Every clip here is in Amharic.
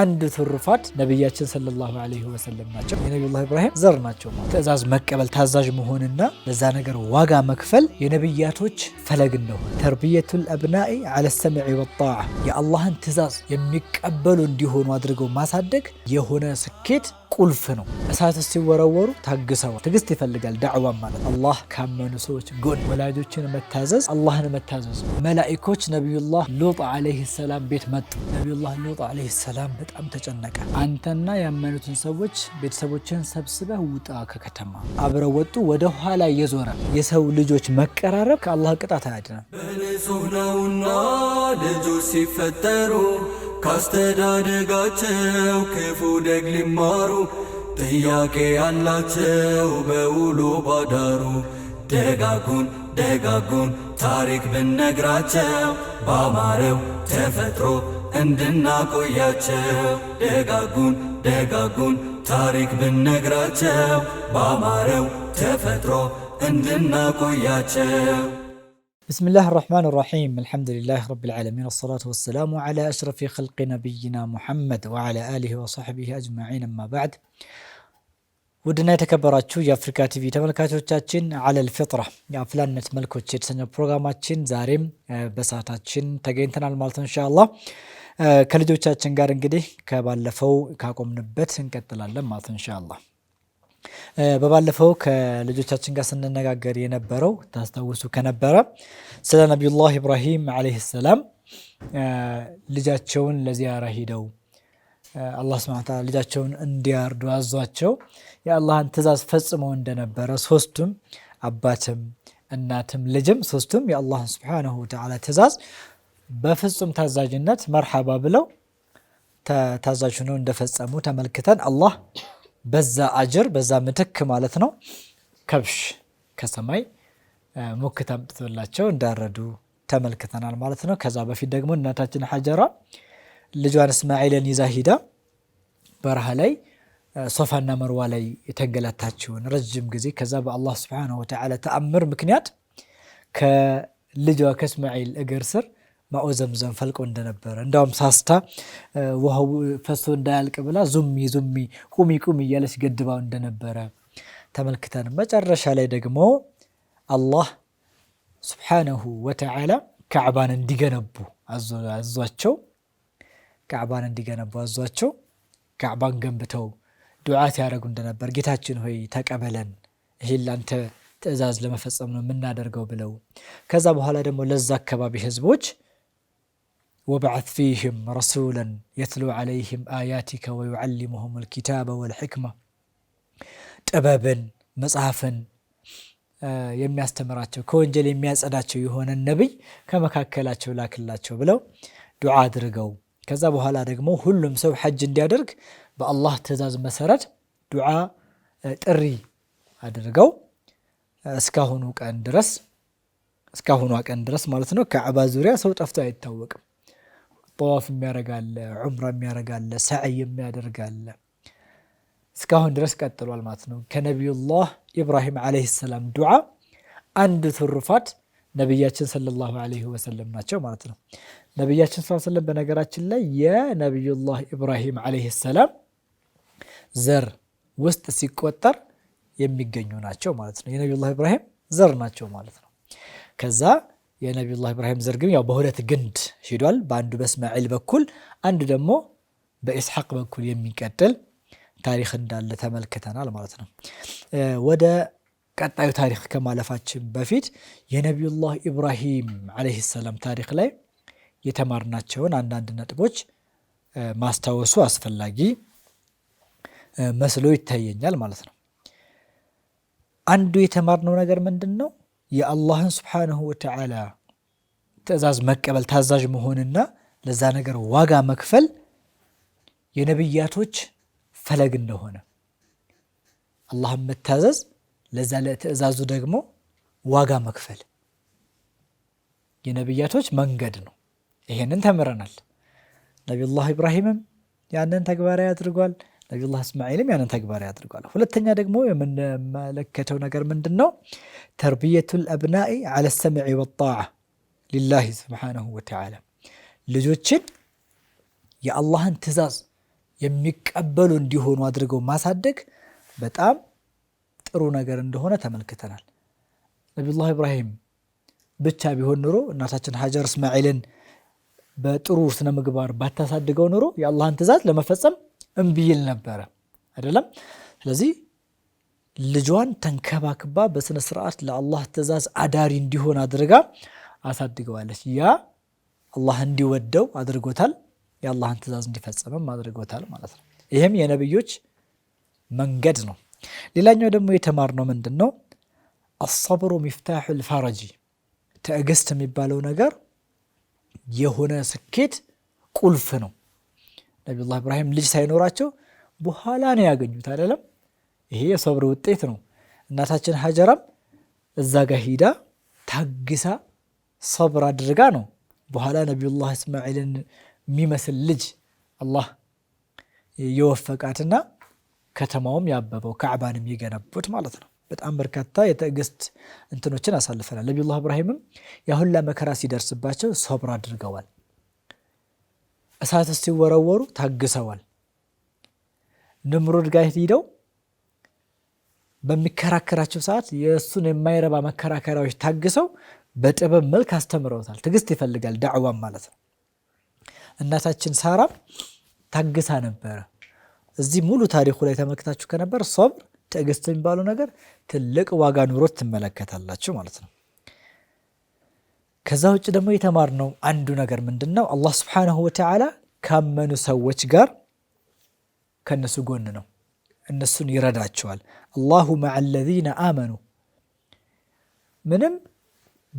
አንድ ትሩፋት ነቢያችን ሰለላሁ ዐለይሂ ወሰለም ናቸው። የነቢዩላህ ኢብራሂም ዘር ናቸው። ትእዛዝ መቀበል ታዛዥ መሆንና ለዛ ነገር ዋጋ መክፈል የነቢያቶች ፈለግ እንደሆነ ተርቢየቱል አብናኢ ዐለ ሰምዒ ወጣዓ የአላህን ትእዛዝ የሚቀበሉ እንዲሆኑ አድርገው ማሳደግ የሆነ ስኬት ቁልፍ ነው። እሳት ሲወረወሩ ታግሰዋል። ትግስት ይፈልጋል። ዳዕዋ ማለት አላህ ካመኑ ሰዎች ጎን ወላጆችን መታዘዝ፣ አላህን መታዘዝ። መላኢኮች ነቢዩላህ ሉጥ ዐለይሂ ሰላም ቤት መጡ። ነቢዩላህ ሉጥ ዐለይሂ ሰላም በጣም ተጨነቀ። አንተና ያመኑትን ሰዎች ቤተሰቦችን ሰብስበህ ውጣ ከከተማ። አብረው ወጡ። ወደ ኋላ እየዞረ የሰው ልጆች መቀራረብ ከአላህ ቅጣት አያድነም። በንጹህ ነውና ልጆች ሲፈጠሩ ካስተዳደጋቸው ክፉ ደግ ሊማሩ ጥያቄ ያላቸው በውሎ ባዳሩ ደጋጉን ደጋጉን ታሪክ ብነግራቸው ባማረው ተፈጥሮ እንድናቆያቸው ደጋጉን ደጋጉን ታሪክ ብንነግራቸው ባማረው ተፈጥሮ እንድናቆያቸው بسم الله الرحمن الرحيم الحمد لله رب العالمين والصلاة والسلام على أشرف خلق نبينا محمد وعلى آله وصحبه أجمعين أما بعد ውድና የተከበራችሁ የአፍሪካ ቲቪ ተመልካቾቻችን አለል ፍጥራ የአፍላነት መልኮች የተሰኘው ፕሮግራማችን ዛሬም በሰዓታችን ተገኝተናል ማለት ነው። እንሻላ ከልጆቻችን ጋር እንግዲህ ከባለፈው ካቆምንበት እንቀጥላለን ማለት እንሻላ በባለፈው ከልጆቻችን ጋር ስንነጋገር የነበረው ታስታውሱ ከነበረ ስለ ነቢዩላህ ኢብራሂም ዓለይሂ ሰላም ልጃቸውን ለዚያራ ሂደው አላህ ስብሐነ ወተዓላ ልጃቸውን እንዲያርዱ አዟቸው የአላህን ትእዛዝ ፈጽመው እንደነበረ ሶስቱም አባትም እናትም ልጅም ሶስቱም የአላህ ስብሓነሁ ወተዓላ ትእዛዝ በፍጹም ታዛዥነት መርሓባ ብለው ታዛዥ ሆነው እንደፈጸሙ ተመልክተን አላህ በዛ አጅር በዛ ምትክ ማለት ነው ከብሽ ከሰማይ ሙክት አምጥቶላቸው እንዳረዱ ተመልክተናል ማለት ነው። ከዛ በፊት ደግሞ እናታችን ሀጀራ ልጇን እስማኤልን ይዛ ሂዳ በረሃ ላይ ሶፋና መርዋ ላይ የተንገላታችውን ረጅም ጊዜ ከዛ በአላህ ስብሓነሁ ወተዓላ ተአምር ምክንያት ከልጇ ከእስማኤል እግር ስር ማኦ ዘምዘም ፈልቆ እንደነበረ እንዳውም ሳስታ ውሃው ፈሶ እንዳያልቅ ብላ ዙሚ ዙሚ ቁሚ ቁሚ እያለች ገድባው እንደነበረ ተመልክተን መጨረሻ ላይ ደግሞ አላህ ስብሓነሁ ወተዓላ ካዕባን እንዲገነቡ አዟቸው ካዕባን እንዲገነቡ አዟቸው ካዕባን ገንብተው ዱዓት ያደረጉ እንደነበር ጌታችን ሆይ ተቀበለን፣ ይህን ላንተ ትእዛዝ ለመፈጸም ነው የምናደርገው ብለው ከዛ በኋላ ደግሞ ለዛ አካባቢ ህዝቦች ወበዓት ፊህም ረሱለን የትሉ ዓለይህም አያቲከ ወዩዓሊሙሁም ልኪታበ ወልሕክማ ጥበብን መጽሐፍን የሚያስተምራቸው ከወንጀል የሚያጸዳቸው የሆነ ነቢይ ከመካከላቸው ላክላቸው ብለው ዱዓ አድርገው ከዛ በኋላ ደግሞ ሁሉም ሰው ሐጅ እንዲያደርግ በአላህ ትዕዛዝ መሰረት ዱዓ ጥሪ አድርገው እስካሁኑ ቀን ድረስ እስካሁኗ ቀን ድረስ ማለት ነው። ከዕባ ዙሪያ ሰው ጠፍቶ አይታወቅም። ጠዋፍ የሚያደርጋለ፣ ዑምራ የሚያደርጋለ፣ ሰዕይ የሚያደርጋለ እስካሁን ድረስ ቀጥሏል ማለት ነው። ከነቢዩላህ ኢብራሂም ዓለይሂ ሰላም ዱዓ አንድ ትሩፋት ነቢያችን ሰለላሁ ዓለይሂ ወሰለም ናቸው ማለት ነው። ነቢያችን ሰለም በነገራችን ላይ የነቢዩላህ ኢብራሂም ዓለይሂ ሰላም ዘር ውስጥ ሲቆጠር የሚገኙ ናቸው ማለት ነው። የነቢዩላህ ኢብራሂም ዘር ናቸው ማለት ነው። ከዛ የነቢዩላህ ኢብራሂም ዘር ግን ያው በሁለት ግንድ ሂዷል። በአንዱ በእስማኤል በኩል አንድ ደግሞ በኢስሐቅ በኩል የሚቀጥል ታሪክ እንዳለ ተመልክተናል ማለት ነው። ወደ ቀጣዩ ታሪክ ከማለፋችን በፊት የነቢዩላህ ኢብራሂም ዓለይሂ ሰላም ታሪክ ላይ የተማርናቸውን አንዳንድ ነጥቦች ማስታወሱ አስፈላጊ መስሎ ይታየኛል ማለት ነው። አንዱ የተማርነው ነገር ምንድን ነው? የአላህን ስብሓነሁ ወተዓላ ትዕዛዝ መቀበል ታዛዥ መሆንና ለዛ ነገር ዋጋ መክፈል የነብያቶች ፈለግ እንደሆነ አላህን መታዘዝ ለዛ ለትዕዛዙ ደግሞ ዋጋ መክፈል የነብያቶች መንገድ ነው። ይሄንን ተምረናል። ነቢዩላህ ኢብራሂምም ያንን ተግባራዊ አድርጓል። ነቢዩላህ እስማኤልም ያንን ተግባር ያድርጓል። ሁለተኛ ደግሞ የምንመለከተው ነገር ምንድን ነው? ተርቢየቱል አብናኢ አለ ሰምዒ ወጣዓ ሊላሂ ስብሓነሁ ወተዓላ ልጆችን የአላህን ትዕዛዝ የሚቀበሉ እንዲሆኑ አድርገው ማሳደግ በጣም ጥሩ ነገር እንደሆነ ተመልክተናል። ነቢዩላህ ኢብራሂም ብቻ ቢሆን ኑሮ እናታችን ሀጀር እስማኤልን በጥሩ ስነ ምግባር ባታሳድገው ኑሮ የአላህን ትዕዛዝ ለመፈጸም እምብይል ነበረ አይደለም። ስለዚህ ልጇን ተንከባክባ በስነ ስርዓት ለአላህ ትእዛዝ አዳሪ እንዲሆን አድርጋ አሳድገዋለች። ያ አላህ እንዲወደው አድርጎታል። የአላህን ትእዛዝ እንዲፈጸምም አድርጎታል ማለት ነው። ይህም የነቢዮች መንገድ ነው። ሌላኛው ደግሞ የተማርነው ምንድን ነው? አሰብሩ ሚፍታሑ ልፈረጂ፣ ትዕግስት የሚባለው ነገር የሆነ ስኬት ቁልፍ ነው። ነቢዩላህ ኢብራሂም ልጅ ሳይኖራቸው በኋላ ነው ያገኙት አይደለም። ይሄ የሰብር ውጤት ነው። እናታችን ሀጀራም እዛ ጋ ሂዳ ታግሳ ሰብር አድርጋ ነው በኋላ ነቢዩላህ እስማኤልን የሚመስል ልጅ አላህ የወፈቃትና ከተማውም ያበበው ካዕባንም የገነቡት ማለት ነው። በጣም በርካታ የትዕግስት እንትኖችን አሳልፈናል። ነቢዩላህ ኢብራሂምም ያሁላ መከራ ሲደርስባቸው ሰብር አድርገዋል። እሳት ሲወረወሩ ታግሰዋል። ንምሩድ ጋር ሂደው በሚከራከራቸው ሰዓት የእሱን የማይረባ መከራከሪያዎች ታግሰው በጥበብ መልክ አስተምረውታል። ትግስት ይፈልጋል ዳዕዋም ማለት ነው። እናታችን ሳራም ታግሳ ነበረ። እዚህ ሙሉ ታሪኩ ላይ ተመልክታችሁ ከነበር ሶብር፣ ትዕግስት የሚባለው ነገር ትልቅ ዋጋ ኑሮት ትመለከታላችሁ ማለት ነው። ከዛ ውጭ ደግሞ የተማርነው አንዱ ነገር ምንድን ነው? አላህ ስብሓነሁ ወተዓላ ካመኑ ሰዎች ጋር ከእነሱ ጎን ነው። እነሱን ይረዳቸዋል። አላሁ መዐ አለዚነ አመኑ። ምንም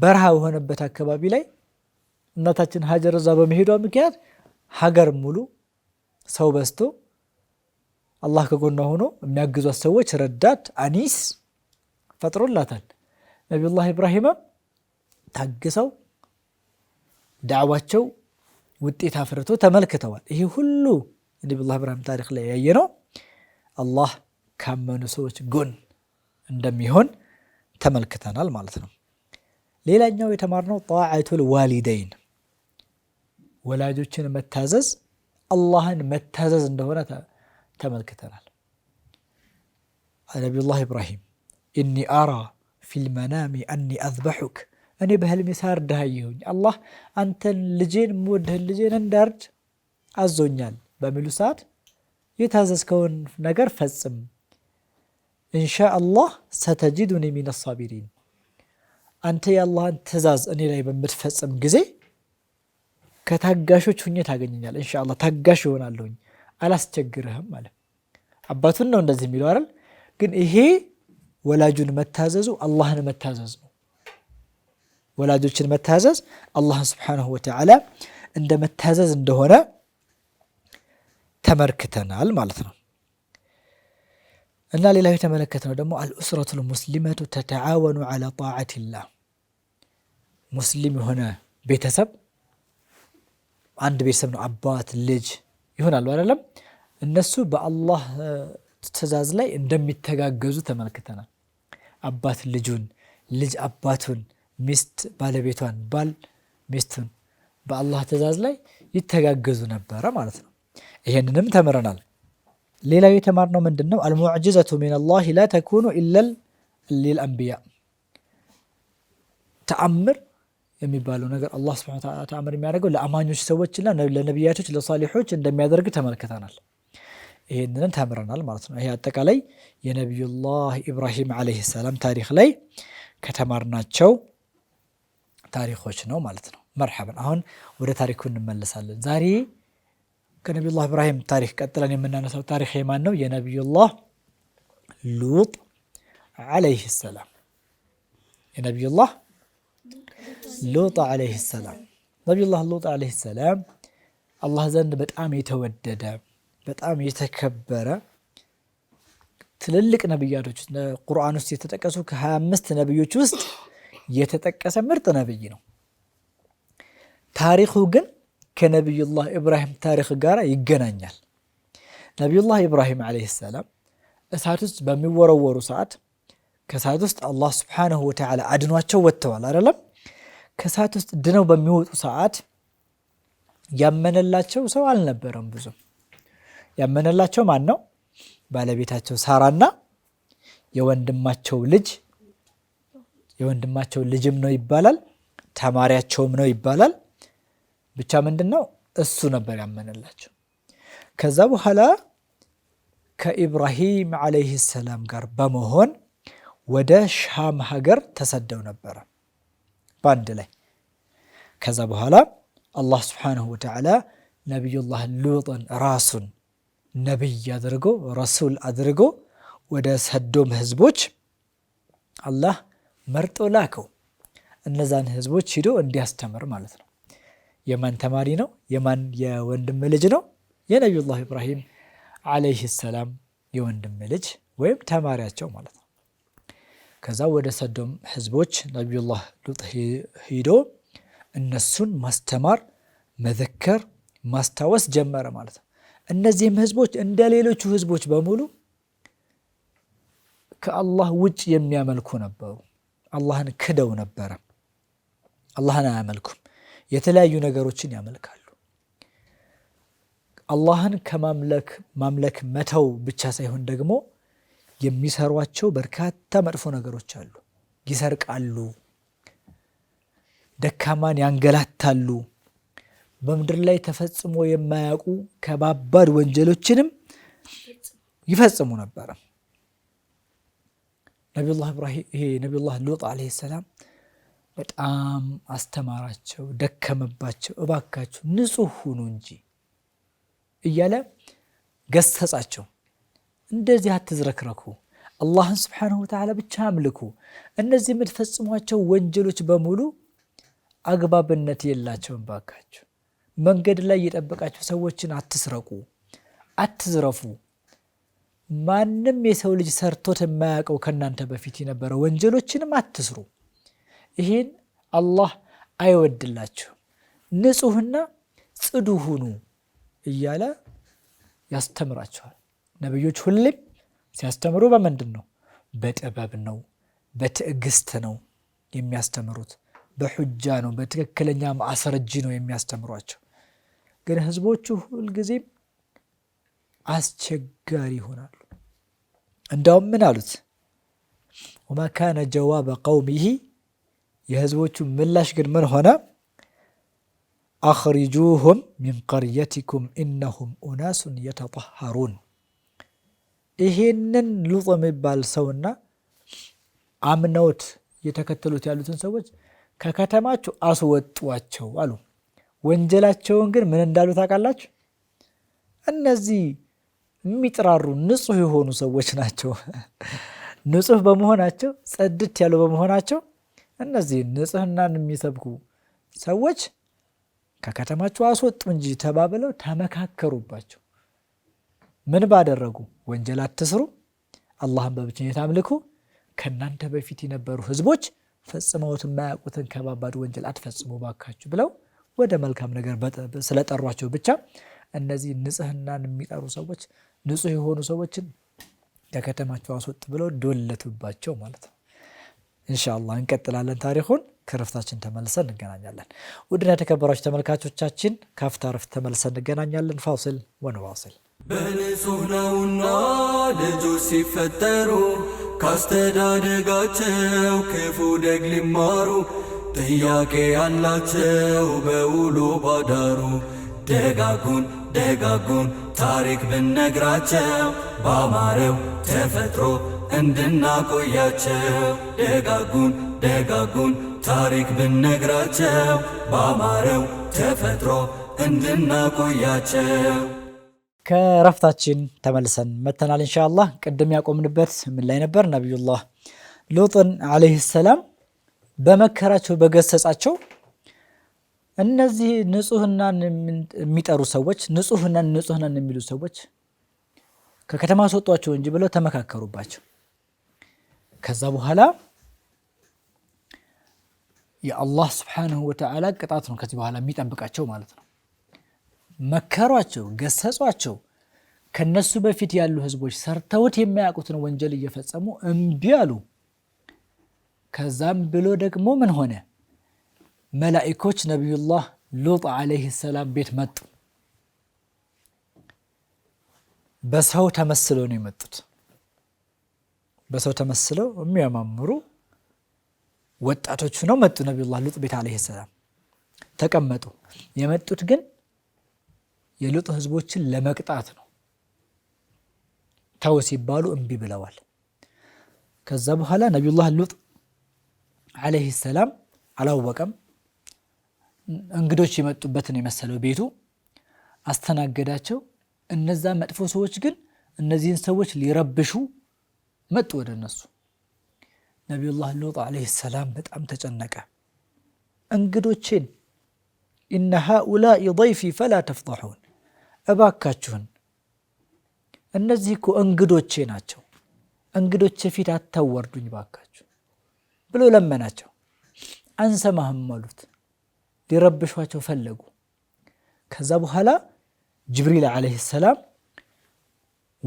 በረሃ የሆነበት አካባቢ ላይ እናታችን ሀጀር እዛ በመሄዷ ምክንያት ሀገር ሙሉ ሰው በዝቶ አላህ ከጎኗ ሆኖ የሚያግዟት ሰዎች ረዳት አኒስ ፈጥሮላታል። ነቢዩላህ ኢብራሂምም ታግሰው ዳዕዋቸው ውጤት አፍርቶ ተመልክተዋል። ይህ ሁሉ ነቢዩላህ ኢብራሂም ታሪክ ላይ ያየ ነው። አላህ ካመኑ ሰዎች ጎን እንደሚሆን ተመልክተናል ማለት ነው። ሌላኛው የተማርነው ጣዓቱል ዋሊደይን ወላጆችን መታዘዝ አላህን መታዘዝ እንደሆነ ተመልክተናል። ነቢዩላህ ኢብራሂም ኢኒ አራ ፊልመናሚ አኒ አዝበሑክ እኔ በህልሜ ሳርድሃየሁኝ አላህ አንተን ልጄን የምወድህን ልጄን እንዳርድ አዞኛል በሚሉ ሰዓት የታዘዝከውን ነገር ፈጽም፣ እንሻአላህ አላህ የሚነ ሚነ ሳቢሪን። አንተ የአላህን ትእዛዝ እኔ ላይ በምትፈጽም ጊዜ ከታጋሾች ሁኜ ታገኘኛል። እንሻ ታጋሽ ይሆናለሁኝ፣ አላስቸግርህም ማለት አባቱን ነው እንደዚህ የሚለው አይደል? ግን ይሄ ወላጁን መታዘዙ አላህን መታዘዝ ነው። ወላጆችን መታዘዝ አላህን ስብሓንሁ ወተዓላ እንደ መታዘዝ እንደሆነ ተመልክተናል ማለት ነው። እና ሌላው የተመለከትነው ደግሞ አልኡስረቱ ልሙስሊመቱ ተተዓወኑ ዓላ ጣዓቲላህ። ሙስሊም የሆነ ቤተሰብ አንድ ቤተሰብ ነው፣ አባት ልጅ ይሆናሉ አይደለም። እነሱ በአላህ ትእዛዝ ላይ እንደሚተጋገዙ ተመልክተናል። አባት ልጁን፣ ልጅ አባቱን ሚስት ባለቤቷን፣ ባል ሚስቱን በአላህ ትእዛዝ ላይ ይተጋገዙ ነበረ ማለት ነው። ይሄንንም ተምረናል። ሌላው የተማርነው ምንድን ነው? አልሙዕጅዘቱ ሚነላህ ላ ተኩኑ ኢለል አንቢያ ተአምር የሚባለው ነገር አላህ ሱብሓነሁ ወተዓላ ተአምር የሚያደርገው ለአማኞች ሰዎችና ለነቢያቶች ለሳሊሖች እንደሚያደርግ ተመልክተናል። ይህንን ተምረናል ማለት ነው። ይሄ አጠቃላይ የነቢዩላህ ኢብራሂም ዓለይሂ ሰላም ታሪክ ላይ ከተማርናቸው ታሪኮች ነው ማለት ነው። መርሐበን አሁን ወደ ታሪኩ እንመለሳለን። ዛሬ ከነቢዩላህ ኢብራሂም ታሪክ ቀጥለን የምናነሳው ታሪክ የማን ነው? የነቢዩላህ ሉጥ ዓለይህ ሰላም የነቢዩላህ ሉጥ ዓለይህ ሰላም ነቢዩላህ ሉጥ ዓለይህ ሰላም አላህ ዘንድ በጣም የተወደደ በጣም የተከበረ ትልልቅ ነቢያቶች ቁርአን ውስጥ የተጠቀሱ ከሀያ አምስት ነቢዮች ውስጥ የተጠቀሰ ምርጥ ነብይ ነው። ታሪኩ ግን ከነቢዩላህ ኢብራሂም ታሪክ ጋር ይገናኛል። ነቢዩላህ ኢብራሂም ዓለይሂ ሰላም እሳት ውስጥ በሚወረወሩ ሰዓት ከእሳት ውስጥ አላህ ስብሓነሁ ወተዓላ አድኗቸው ወጥተዋል አይደለም። ከእሳት ውስጥ ድነው በሚወጡ ሰዓት ያመነላቸው ሰው አልነበረም። ብዙም ያመነላቸው ማን ነው? ባለቤታቸው ሳራና የወንድማቸው ልጅ የወንድማቸው ልጅም ነው ይባላል፣ ተማሪያቸውም ነው ይባላል። ብቻ ምንድን ነው እሱ ነበር ያመነላቸው። ከዛ በኋላ ከኢብራሂም ዓለይህ ሰላም ጋር በመሆን ወደ ሻም ሀገር ተሰደው ነበረ በአንድ ላይ። ከዛ በኋላ አላህ ስብሓነሁ ወተዓላ ነቢዩላህ ሉጥን ራሱን ነቢይ አድርጎ ረሱል አድርጎ ወደ ሰዶም ህዝቦች አላህ መርጦ ላከው እነዛን ህዝቦች ሂዶ እንዲያስተምር ማለት ነው። የማን ተማሪ ነው? የማን የወንድም ልጅ ነው? የነቢዩላህ ኢብራሂም ዓለይህ ሰላም የወንድም ልጅ ወይም ተማሪያቸው ማለት ነው። ከዛ ወደ ሰዶም ህዝቦች ነቢዩላህ ሉጥ ሂዶ እነሱን ማስተማር፣ መዘከር፣ ማስታወስ ጀመረ ማለት ነው። እነዚህም ህዝቦች እንደ ሌሎቹ ህዝቦች በሙሉ ከአላህ ውጭ የሚያመልኩ ነበሩ። አላህን ክደው ነበረ። አላህን አያመልኩም። የተለያዩ ነገሮችን ያመልካሉ። አላህን ከማምለክ ማምለክ መተው ብቻ ሳይሆን ደግሞ የሚሰሯቸው በርካታ መጥፎ ነገሮች አሉ። ይሰርቃሉ፣ ደካማን ያንገላታሉ፣ በምድር ላይ ተፈጽሞ የማያውቁ ከባባድ ወንጀሎችንም ይፈጽሙ ነበረ። ነቢዩላህ ኢብራሂም ይሄ ነቢዩላህ ሉጥ አለይሂ ሰላም በጣም አስተማራቸው፣ ደከመባቸው። እባካቸው ንጹህ ሁኑ እንጂ እያለ ገሰጻቸው። እንደዚህ አትዝረክረኩ፣ አላህን ስብሓነሁ ወተዓላ ብቻ አምልኩ። እነዚህ የምትፈጽሟቸው ወንጀሎች በሙሉ አግባብነት የላቸውም። እባካችሁ መንገድ ላይ እየጠበቃቸው ሰዎችን አትስረቁ፣ አትዝረፉ ማንም የሰው ልጅ ሰርቶት የማያውቀው ከእናንተ በፊት የነበረ ወንጀሎችንም አትስሩ፣ ይህን አላህ አይወድላችሁ፣ ንጹህና ጽዱ ሁኑ እያለ ያስተምራቸዋል። ነቢዮች ሁሌም ሲያስተምሩ በምንድን ነው? በጥበብ ነው፣ በትዕግስት ነው የሚያስተምሩት፣ በሑጃ ነው፣ በትክክለኛ ማስረጃ ነው የሚያስተምሯቸው። ግን ህዝቦቹ ሁልጊዜም አስቸጋሪ ይሆናሉ። እንዳውም ምን አሉት? ካነ ጀዋበ ቀውሚሂ የህዝቦቹ ምላሽ ግን ምን ሆነ? አኽሪጁሁም ሚን ቀርየቲኩም ኢነሁም ኡናሱን የተጠሃሩን። ይሄንን ሉጥ የሚባል ሰውና አምነውት የተከተሉት ያሉትን ሰዎች ከከተማችሁ አስወጧቸው አሉ። ወንጀላቸውን ግን ምን እንዳሉ ታውቃላችሁ? እነዚህ የሚጥራሩ ንጹህ የሆኑ ሰዎች ናቸው። ንጹህ በመሆናቸው ጸድት ያሉ በመሆናቸው እነዚህ ንጽህናን የሚሰብኩ ሰዎች ከከተማቸው አስወጡ እንጂ ተባብለው ተመካከሩባቸው። ምን ባደረጉ? ወንጀል አትስሩ፣ አላህን በብቸኝነት አምልኩ፣ ከእናንተ በፊት የነበሩ ህዝቦች ፈጽመውት የማያውቁትን ከባባድ ወንጀል አትፈጽሙ ባካችሁ ብለው ወደ መልካም ነገር ስለጠሯቸው ብቻ እነዚህ ንጽህናን የሚጠሩ ሰዎች ንጹህ የሆኑ ሰዎችን ከከተማቸው አስወጥ ብለው ዶለቱባቸው ማለት ነው። እንሻላ እንቀጥላለን ታሪኩን ከረፍታችን ተመልሰን እንገናኛለን። ውድና የተከበራችሁ ተመልካቾቻችን ካፍታ ረፍት ተመልሰን እንገናኛለን። ፋውስል ወንዋስል በንጹህ ነውና ልጆች ሲፈጠሩ ካስተዳደጋቸው ክፉ ደግ ሊማሩ ጥያቄ ያላቸው በውሎ ባዳሩ ደጋጉን ደጋጉን ታሪክ ብነግራቸው ባማረው ተፈጥሮ እንድናቆያቸው ደጋጉን ደጋጉን ታሪክ ብነግራቸው ባማረው ተፈጥሮ እንድናቆያቸው። ከረፍታችን ተመልሰን መተናል። እንሻአላህ ቅድም ያቆምንበት ምን ላይ ነበር? ነቢዩላህ ሉጥን ዓለይህ ሰላም በመከራቸው በገሰጻቸው እነዚህ ንጹህናን የሚጠሩ ሰዎች ንጹህናን ንጹህናን የሚሉ ሰዎች ከከተማ አስወጧቸው እንጂ ብለው ተመካከሩባቸው። ከዛ በኋላ የአላህ ስብሓንሁ ወተዓላ ቅጣት ነው ከዚህ በኋላ የሚጠብቃቸው ማለት ነው። መከሯቸው፣ ገሰጿቸው። ከነሱ በፊት ያሉ ህዝቦች ሰርተውት የማያውቁትን ወንጀል እየፈጸሙ እምቢ አሉ። ከዛም ብሎ ደግሞ ምን ሆነ? መላኢኮች ነቢዩላህ ሉጥ ዓለይህ ሰላም ቤት መጡ። በሰው ተመስለው ነው የመጡት። በሰው ተመስለው የሚያማምሩ ወጣቶች ነው መጡ። ነቢዩላህ ሉጥ ቤት ዓለይህ ሰላም ተቀመጡ። የመጡት ግን የሉጥ ህዝቦችን ለመቅጣት ነው። ተው ሲባሉ እምቢ ብለዋል። ከዛ በኋላ ነቢዩላህ ሉጥ ዓለይህ ሰላም አላወቀም እንግዶች የመጡበትን የመሰለው ቤቱ አስተናገዳቸው። እነዛ መጥፎ ሰዎች ግን እነዚህን ሰዎች ሊረብሹ መጡ ወደ እነሱ። ነቢዩላህ ሉጥ ዓለይሂ ሰላም በጣም ተጨነቀ። እንግዶቼን እነ ሃኡላኢ ضይፊ ፈላ ተፍضሑን፣ እባካችሁን እነዚህ እኮ እንግዶቼ ናቸው፣ እንግዶቼ ፊት አታዋርዱኝ ባካችሁ ብሎ ለመናቸው። አንሰማህም አሉት። ሊረብሿቸው ፈለጉ። ከዛ በኋላ ጅብሪል ዓለይሂ ሰላም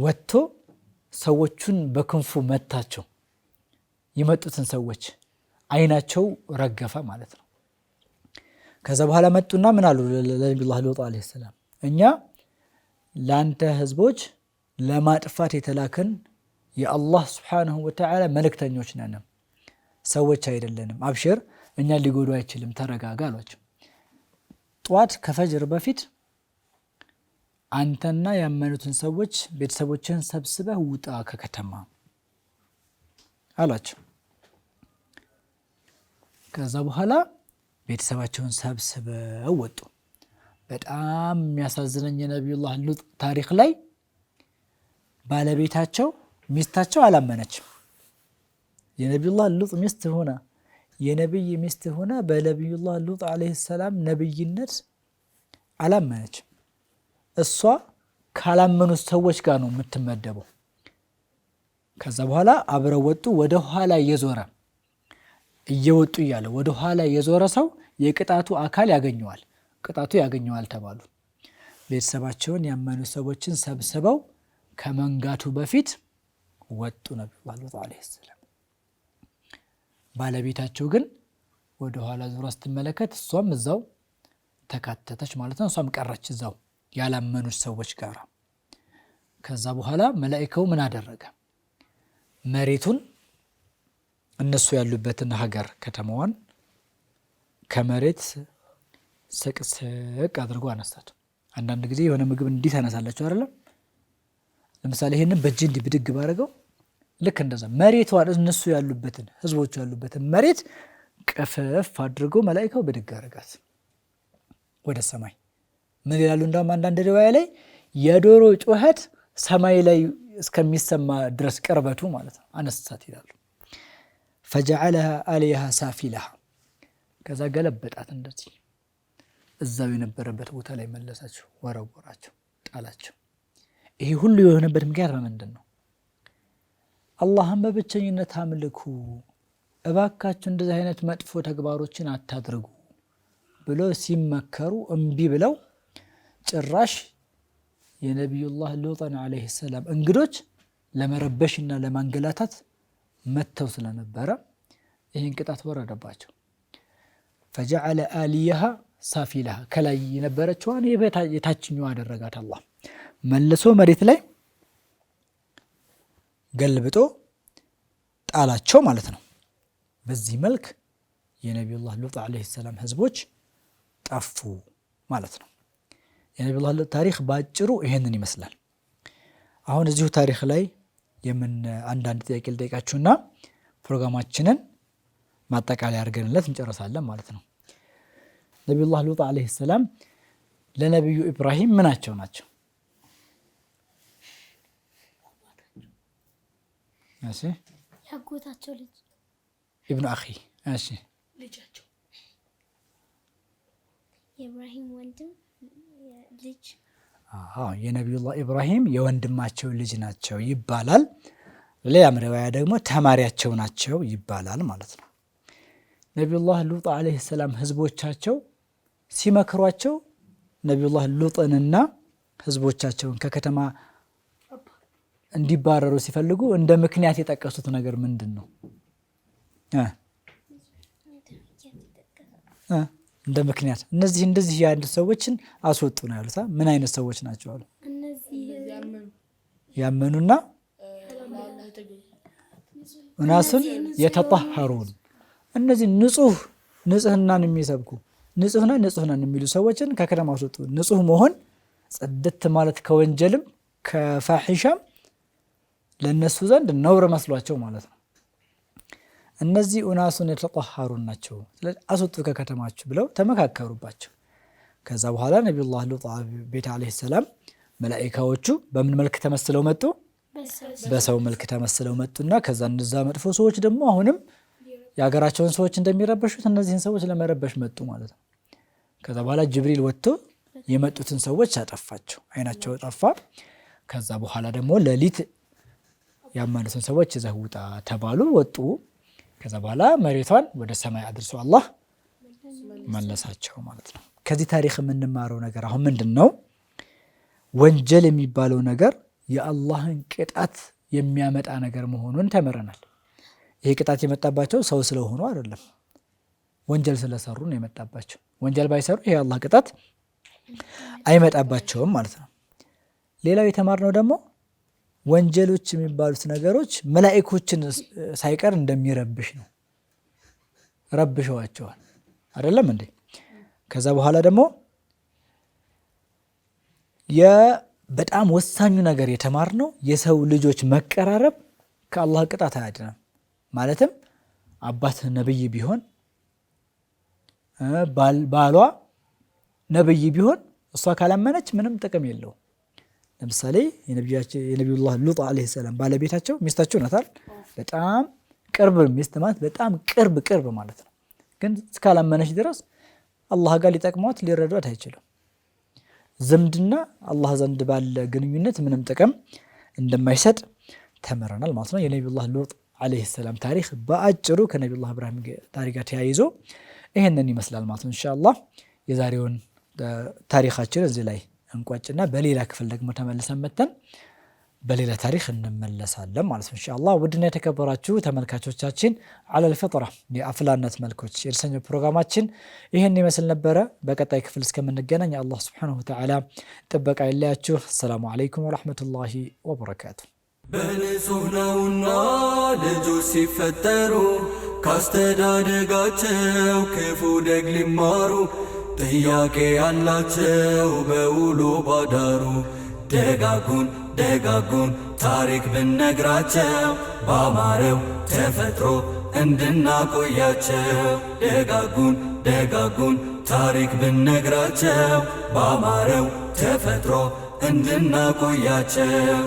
ወጥቶ ሰዎቹን በክንፉ መታቸው። የመጡትን ሰዎች አይናቸው ረገፈ ማለት ነው። ከዛ በኋላ መጡና ምን አሉ ለነቢዩላህ ሉጥ ዓለይሂ ሰላም እኛ ለአንተ ህዝቦች ለማጥፋት የተላከን የአላህ ስብሓነሁ ወተዓላ መልእክተኞች ነንም፣ ሰዎች አይደለንም። አብሽር፣ እኛ ሊጎዱ አይችልም፣ ተረጋጋ አሏቸው። ጠዋት ከፈጅር በፊት አንተና ያመኑትን ሰዎች ቤተሰቦችን ሰብስበህ ውጣ ከከተማ አላቸው። ከዛ በኋላ ቤተሰባቸውን ሰብስበው ወጡ። በጣም የሚያሳዝነኝ የነቢዩላህ ሉጥ ታሪክ ላይ ባለቤታቸው ሚስታቸው አላመነችም። የነቢዩላህ ሉጥ ሚስት ሆና የነቢይ ሚስት ሆና በነቢዩላህ ሉጥ ዓለይሂ ሰላም ነቢይነት አላመነች። እሷ ካላመኑት ሰዎች ጋር ነው የምትመደበው። ከዛ በኋላ አብረው ወጡ። ወደ ኋላ እየዞረ እየወጡ እያለ ወደ ኋላ የዞረ ሰው የቅጣቱ አካል ያገኘዋል፣ ቅጣቱ ያገኘዋል ተባሉ። ቤተሰባቸውን ያመኑ ሰዎችን ሰብስበው ከመንጋቱ በፊት ወጡ ነቢዩላህ ሉጥ ዓለይሂ ሰላም ባለቤታቸው ግን ወደ ኋላ ዙራ ስትመለከት እሷም እዛው ተካተተች ማለት ነው። እሷም ቀረች እዛው ያላመኑች ሰዎች ጋር። ከዛ በኋላ መላኢካው ምን አደረገ? መሬቱን እነሱ ያሉበትን ሀገር ከተማዋን ከመሬት ስቅስቅ አድርጎ አነሳት። አንዳንድ ጊዜ የሆነ ምግብ እንዲህ ታነሳላችሁ አይደለም? ለምሳሌ ይህንን በእጅ እንዲህ ብድግ ባደረገው ልክ እንደዛ መሬቷን እነሱ ያሉበትን ህዝቦቹ ያሉበትን መሬት ቅፍፍ አድርጎ መላይካው ብድግ አረጋት ወደ ሰማይ። ምን ይላሉ? እንዳውም አንዳንድ ሪዋያ ላይ የዶሮ ጩኸት ሰማይ ላይ እስከሚሰማ ድረስ ቅርበቱ ማለት ነው አነሳት ይላሉ። ፈጀዐለሃ አሊያሃ ሳፊለሃ ከዛ ገለበጣት እንደዚህ እዛው የነበረበት ቦታ ላይ መለሳቸው፣ ወረወራቸው፣ ጣላቸው። ይሄ ሁሉ የሆነበት ምክንያት በምንድን ነው? አላህን በብቸኝነት አምልኩ፣ እባካችሁ እንደዚህ አይነት መጥፎ ተግባሮችን አታድርጉ ብሎ ሲመከሩ እምቢ ብለው ጭራሽ የነቢዩላህ ሉጠን ዓለይሂ ሰላም እንግዶች ለመረበሽና ለማንገላታት መጥተው ስለነበረ ይህን ቅጣት ወረደባቸው። ፈጀዓለ አሊያሃ ሳፊላሃ ከላይ የነበረችዋን የታችኛዋ አደረጋት። አላህ መልሶ መሬት ላይ ገልብጦ ጣላቸው ማለት ነው። በዚህ መልክ የነቢዩላህ ሉጥ ዓለይሂ ሰላም ህዝቦች ጠፉ ማለት ነው። የነቢዩላህ ሉጥ ታሪክ በአጭሩ ይሄንን ይመስላል። አሁን እዚሁ ታሪክ ላይ የምን አንዳንድ ጥያቄ ልጠይቃችሁና ፕሮግራማችንን ማጠቃለያ አድርገንለት እንጨረሳለን ማለት ነው። ነቢዩላህ ሉጥ ዓለይሂ ሰላም ለነቢዩ ኢብራሂም ምናቸው ናቸው? እሺ ያጎታቸው ልጅ ኢብኑ አኺ እሺ ልጃቸው የኢብራሂም ወንድም ልጅ አዎ የነቢዩላህ ኢብራሂም የወንድማቸው ልጅ ናቸው ይባላል። ሌላም ሪዋያ ደግሞ ተማሪያቸው ናቸው ይባላል ማለት ነው። ነቢዩላህ ሉጥ ዓለይሂ ሰላም ህዝቦቻቸው ሲመክሯቸው ነቢዩላህ ሉጥንና ህዝቦቻቸውን ከከተማ እንዲባረሩ ሲፈልጉ እንደ ምክንያት የጠቀሱት ነገር ምንድን ነው? እንደ ምክንያት እነዚህ እንደዚህ ያሉ ሰዎችን አስወጡ ነው ያሉት። ምን አይነት ሰዎች ናቸው አሉ? ያመኑና እናሱን የተጣሃሩን እነዚህ ንጹህ ንጽህናን የሚሰብኩ ንጽህና ንጽህናን የሚሉ ሰዎችን ከከተማ አስወጡ። ንጹህ መሆን ጽድት ማለት ከወንጀልም ከፋሒሻም ለእነሱ ዘንድ ነውር መስሏቸው ማለት ነው። እነዚህ ኡናሱን የተጠሃሩን ናቸው፣ ስለዚህ አስወጡ ከከተማችሁ ብለው ተመካከሩባቸው። ከዛ በኋላ ነቢዩላህ ሉጥ ቤት ዓለይሂ ሰላም መላኢካዎቹ በምን መልክ ተመስለው መጡ? በሰው መልክ ተመስለው መጡና ከዛ እነዛ መጥፎ ሰዎች ደግሞ አሁንም የሀገራቸውን ሰዎች እንደሚረበሹት እነዚህን ሰዎች ለመረበሽ መጡ ማለት ነው። ከዛ በኋላ ጅብሪል ወጥቶ የመጡትን ሰዎች አጠፋቸው፣ አይናቸው ጠፋ። ከዛ በኋላ ደግሞ ሌሊት ያመኑትን ሰዎች ይዘህ ውጣ ተባሉ። ወጡ። ከዛ በኋላ መሬቷን ወደ ሰማይ አድርሶ አላህ መለሳቸው ማለት ነው። ከዚህ ታሪክ የምንማረው ነገር አሁን ምንድን ነው? ወንጀል የሚባለው ነገር የአላህን ቅጣት የሚያመጣ ነገር መሆኑን ተምረናል። ይሄ ቅጣት የመጣባቸው ሰው ስለሆኑ አይደለም፣ ወንጀል ስለሰሩ ነው የመጣባቸው። ወንጀል ባይሰሩ ይሄ የአላህ ቅጣት አይመጣባቸውም ማለት ነው። ሌላው የተማርነው ደግሞ ወንጀሎች የሚባሉት ነገሮች መላእኮችን ሳይቀር እንደሚረብሽ ነው። ረብሸዋቸዋል አይደለም እንዴ? ከዛ በኋላ ደግሞ በጣም ወሳኙ ነገር የተማርነው የሰው ልጆች መቀራረብ ከአላህ ቅጣት አያድነም። ማለትም አባት ነብይ ቢሆን ባሏ ነብይ ቢሆን እሷ ካላመነች ምንም ጥቅም የለውም። ለምሳሌ የነቢዩላህ ሉጥ ዓለይሂ ሰላም ባለቤታቸው ሚስታቸው ናታል። በጣም ቅርብ ሚስት ማለት በጣም ቅርብ ቅርብ ማለት ነው። ግን እስካላመነች ድረስ አላህ ጋር ሊጠቅሟት ሊረዷት አይችልም። ዝምድና አላህ ዘንድ ባለ ግንኙነት ምንም ጥቅም እንደማይሰጥ ተምረናል ማለት ነው። የነቢዩላህ ሉጥ ዓለይሂ ሰላም ታሪክ በአጭሩ ከነቢዩላህ ኢብራሂም ታሪክ ጋር ተያይዞ ይህንን ይመስላል ማለት ነው። ኢንሻአላህ የዛሬውን ታሪካችን እዚህ ላይ እንቋጭና በሌላ ክፍል ደግሞ ተመልሰን መተን በሌላ ታሪክ እንመለሳለን ማለት ነው ኢንሻአላህ። ውድና የተከበራችሁ ተመልካቾቻችን አለል የአፍላነት መልኮች የርሰኞ ፕሮግራማችን ይህን ይመስል ነበረ። በቀጣይ ክፍል እስከምንገናኝ አላህ ሱብሓነሁ ወተዓላ ጥበቃ የለያችሁ አሰላሙ አለይኩም ወረሕመቱላሂ ወበረካቱ። በንጹህ ነውና ልጆች ሲፈጠሩ ካስተዳደጋቸው ክፉ ደግ ሊማሩ ጥያቄ ያላቸው በውሎ ባዳሩ ደጋጉን ደጋጉን ታሪክ ብነግራቸው ባማረው ተፈጥሮ እንድናቆያቸው ደጋጉን ደጋጉን ታሪክ ብነግራቸው ባማረው ተፈጥሮ እንድናቆያቸው